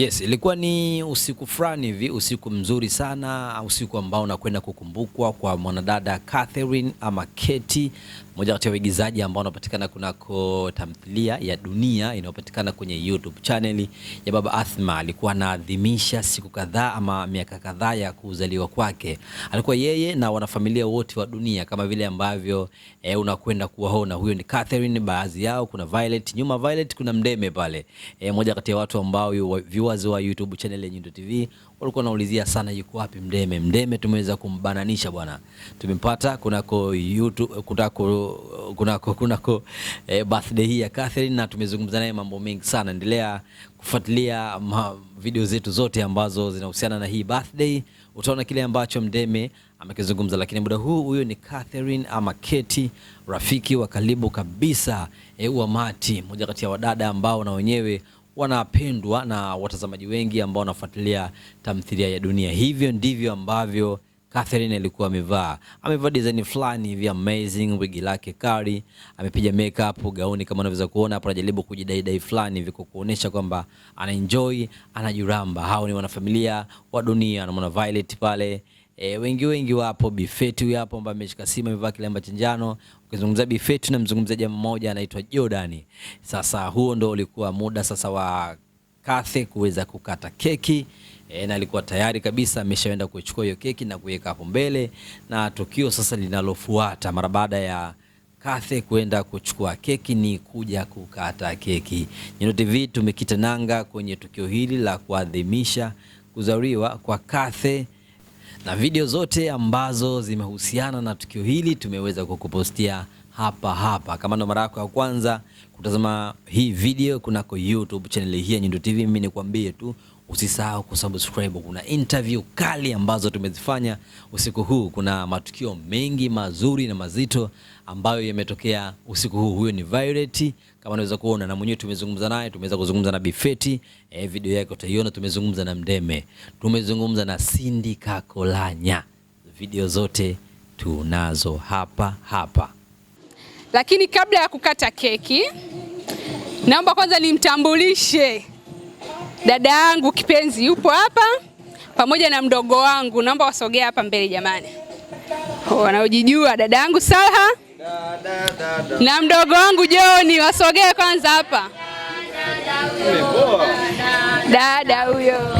Yes, ilikuwa ni usiku fulani hivi, usiku mzuri sana, usiku ambao unakwenda kukumbukwa kwa mwanadada Catherine ama Keti, mmoja kati ya waigizaji ambao wanapatikana kunako tamthilia ya Dunia inayopatikana kwenye YouTube channel ya Baba Athma. Alikuwa anaadhimisha siku kadhaa ama miaka kadhaa ya kuzaliwa kwake. Alikuwa yeye na wanafamilia wote wa Dunia kama vile ambavyo eh, unakwenda kuwaona. Huyo ni Catherine, baadhi yao kuna Violet, nyuma Violet kuna Mdeme pale. Eh, mmoja kati ya watu ambao yu, viewers wa YouTube channel ya Nyundo TV walikuwa wanaulizia sana yuko wapi Mdeme. Mdeme tumeweza kumbananisha bwana, tumempata kunako YouTube, kunako, kunako, kunako eh, birthday hii ya Catherine na tumezungumza naye mambo mengi sana. Endelea kufuatilia video zetu zote ambazo zinahusiana na hii birthday, utaona kile ambacho Mdeme amekizungumza. Lakini muda huu, huyo ni Catherine ama Keti, rafiki wa karibu kabisa eh, wa Mati, mmoja kati ya wadada ambao na wenyewe wanapendwa na watazamaji wengi ambao wanafuatilia tamthilia ya Dunia. Hivyo ndivyo ambavyo Catherine alikuwa amevaa, amevaa design fulani hivi amazing, wigi lake kali, amepiga makeup, gauni kama unaweza kuona hapo, anajaribu kujidaidai fulani hivi kuonesha kwamba anaenjoy, anajuramba. Hao ni wanafamilia wa Dunia, anamwona Violet pale. E, wengi wengi wapo, Bifeti hapo ambaye ameshika simu amevaa kilemba cha njano, Ukizungumzia Bi na mzungumzaji mmoja anaitwa Jordan. Sasa huo ndo ulikuwa muda sasa wa Kathe kuweza kukata keki e, na alikuwa tayari kabisa ameshaenda kuchukua hiyo keki na kuweka hapo mbele, na tukio sasa linalofuata mara baada ya Kathe kwenda kuchukua keki ni kuja kukata keki. Nyundo TV tumekita nanga kwenye tukio hili la kuadhimisha kuzaliwa kwa Kathe na video zote ambazo zimehusiana na tukio hili tumeweza kukupostia hapa hapa. Kama ndo mara yako ya kwanza kutazama hii video kunako YouTube channel hii ya Nyundo TV, mimi nikwambie tu Usisahau kusubscribe. Kuna interview kali ambazo tumezifanya usiku huu. Kuna matukio mengi mazuri na mazito ambayo yametokea usiku huu. Huyo ni Violet kama unaweza kuona, na mwenyewe tumezungumza naye, tumeweza kuzungumza na Bifeti e, eh, video yake utaiona. Tumezungumza na Mdeme, tumezungumza na Sindi Kakolanya, video zote tunazo hapa hapa. Lakini kabla ya kukata keki, naomba kwanza nimtambulishe Dada yangu kipenzi yupo hapa pamoja na mdogo wangu, naomba wasogea hapa mbele jamani, wanaojijua. Dada yangu Salha na mdogo wangu Joni wasogee kwanza hapa. Dada huyo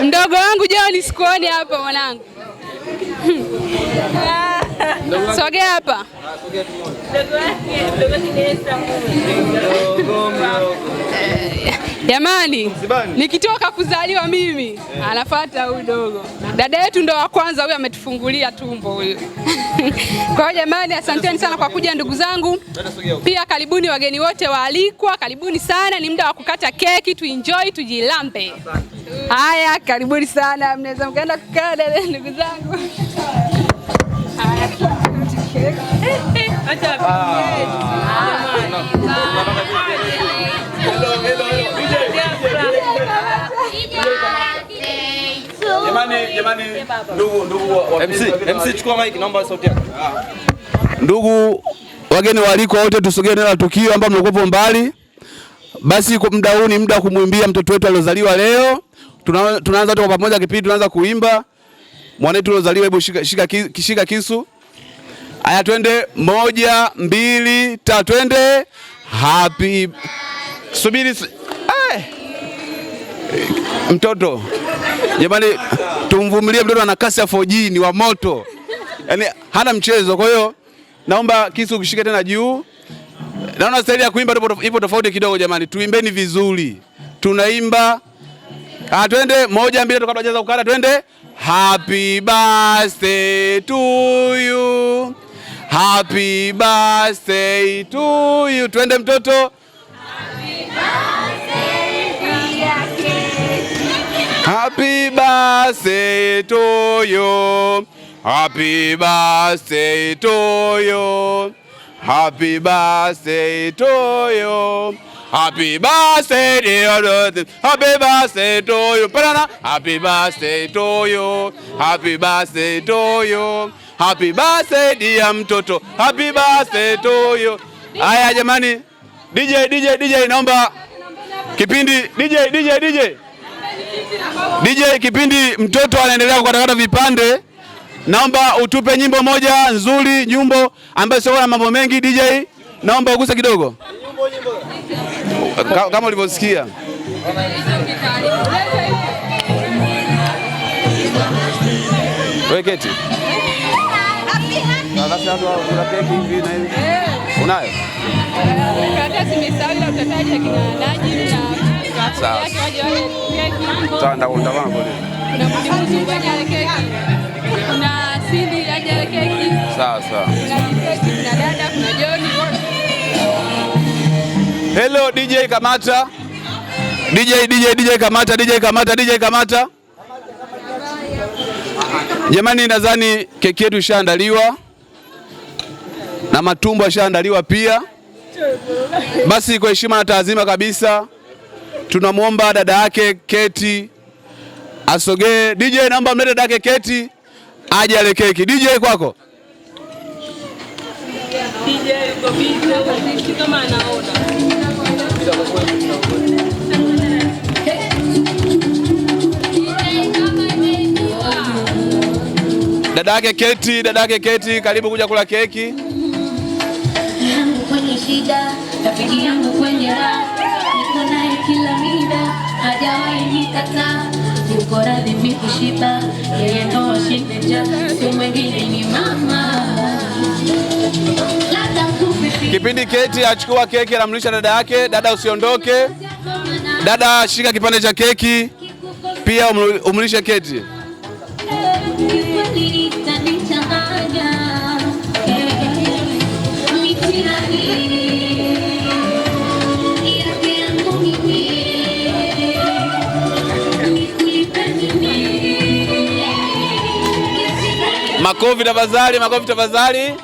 mdogo wangu Joni, sikuoni hapa mwanangu. Sogea hapa. Jamani, nikitoka kuzaliwa mimi anafuata huyu dogo. Dada yetu ndo wa kwanza huyu, ametufungulia tumbo huyu. Kwa hiyo jamani, asanteni sana kwa kuja ndugu zangu, pia karibuni wageni wote waalikwa, karibuni sana. Ni muda wa kukata keki, tuenjoy, tujilambe. Haya, karibuni sana, mnaweza mkaenda kukaa ndugu zangu. Ah. Ndugu wageni waliko wote, tusogee eneo la tukio ambao mlikuwepo mbali. Basi muda huu ni muda wa kumwimbia mtoto wetu aliozaliwa leo. Tunaanza wote kwa pamoja, kipindi tunaanza kuimba mwanetu aliozaliwa. Hebu shika, shika, shika kisu Aya, twende moja, mbili, ta twende. Happy subiri, hey. Eh. Mtoto jamani, tumvumilie mtoto, ana kasi ya 4G ni wa moto, yaani hana mchezo. Kwa hiyo naomba kisu ukishike tena juu, naona staili ya kuimba ipo tofauti kidogo. Jamani, tuimbeni vizuri, tunaimba Ah, twende moja mbili jaza ukara twende. Happy birthday to you. Happy birthday to you. Twende mtoto. Happy birthday to you. Happy birthday to you. Happy birthday to you. Happy birthday to you. Happy birthday dear Dorothy. Happy birthday to you. Happy birthday to you. Happy birthday to you happy birthday ya mtoto, happy birthday to you. Haya jamani, DJ DJ DJ, naomba kipindi DJ DJ DJ DJ, kipindi mtoto anaendelea kukatakata vipande, naomba utupe nyimbo moja nzuri, nyimbo ambayo sio na mambo mengi. DJ, naomba uguse kidogo kama ulivyosikia weketi watu kuna keki hivi na hivi. Eh. Unayo? sawa. Kuna Hello DJ Kamata. DJ DJ DJ Kamata DJ Kamata DJ Kamata. Jamani, nadhani keki yetu ishaandaliwa na matumbo yashaandaliwa pia. Basi kwa heshima na taazima kabisa, tunamwomba dada yake Keti asogee. DJ, naomba mlete dada yake Keti aje ale keki. DJ, kwako dada yake Keti. Dada yake Keti, karibu kuja kula keki shida, rafiki yangu kwenye raha, niko naye kila mida, hajawahi nikataa, yuko radhi mimi kushiba, yeye ndo ashinde njaa, si mwingine ni mama Kipindi Keti achukua keki anamlisha dada yake. Dada usiondoke, dada shika kipande cha keki pia umlishe Keti. Makofi tafadhali, makofi tafadhali.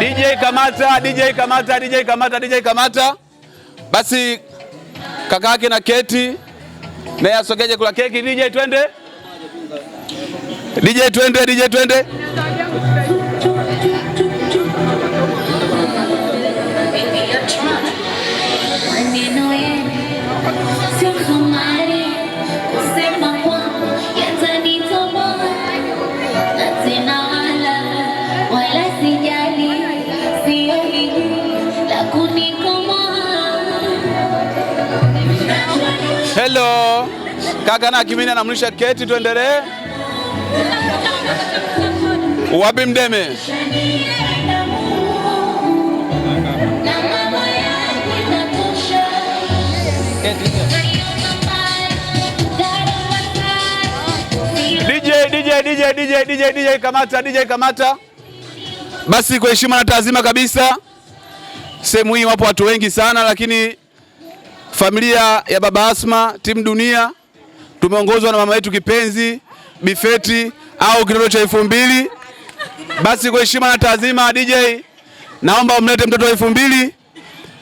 DJ kamata, DJ kamata, DJ kamata, DJ kamata. Basi kaka yake na keti naye asogeje kula keki. DJ twende, DJ twende, DJ twende. Hello. kaka na kimini anamlisha keti, tuendelee. Wapi Mdeme? DJ, DJ, DJ, DJ, DJ, DJ, kamata, DJ, kamata. Basi kwa heshima na taazima kabisa, sehemu hii wapo watu wengi sana lakini familia ya baba Asma, timu dunia tumeongozwa na mama yetu kipenzi Bifeti au kitoto cha elfu mbili. Basi kwa heshima na taazima DJ naomba umlete mtoto wa elfu mbili,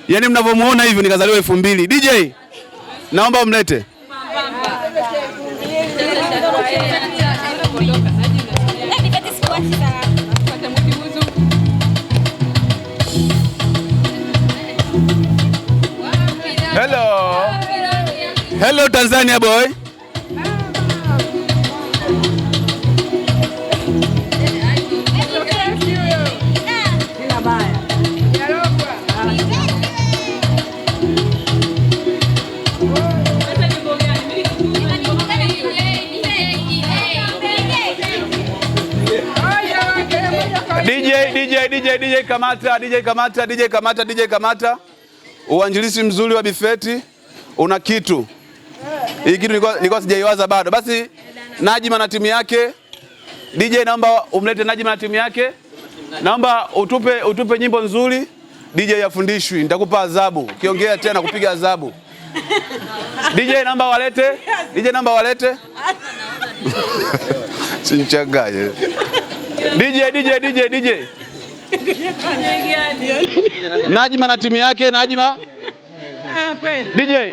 yaani mnavyomuona hivi, nikazaliwa elfu mbili. DJ naomba umlete. Hello. Hello Tanzania boy. DJ DJ DJ DJ Kamata DJ Kamata DJ Kamata DJ Kamata uanjilisi mzuri wa bifeti una kitu. Hii kitu nilikuwa sijaiwaza bado. Basi najima na timu yake, DJ naomba umlete najima na timu yake, naomba utupe, utupe nyimbo nzuri. DJ yafundishwi, nitakupa adhabu ukiongea tena kupiga adhabu. DJ naomba walete, DJ naomba walete sinchanganye DJ DJ DJ DJ Najma na timu yake Najma ah, DJ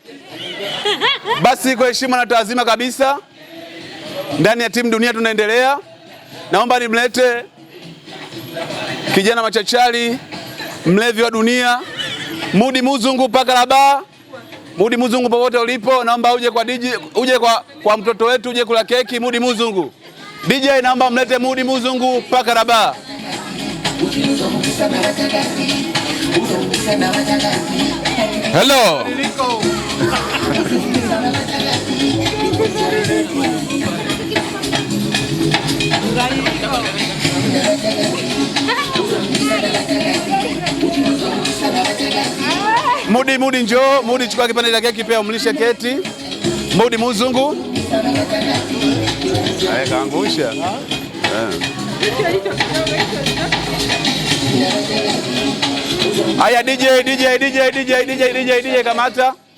Basi kwa heshima na taazima kabisa, ndani ya timu dunia tunaendelea. Naomba nimlete kijana machachari, mlevi wa dunia, Mudi Muzungu paka baa. Mudi Muzungu, popote ulipo, naomba uje kwa DJ, uje kwa, kwa mtoto wetu, uje kula keki. Mudi Muzungu DJ, naomba mlete Mudi Muzungu paka laba. Hello. Mudi, Mudi njoo. Mudi, chukua kipande cha keki pia umlishe keti. Mudi muzungu. Aye, kaangusha. DJ, DJ DJ DJ DJ DJ DJ kamata.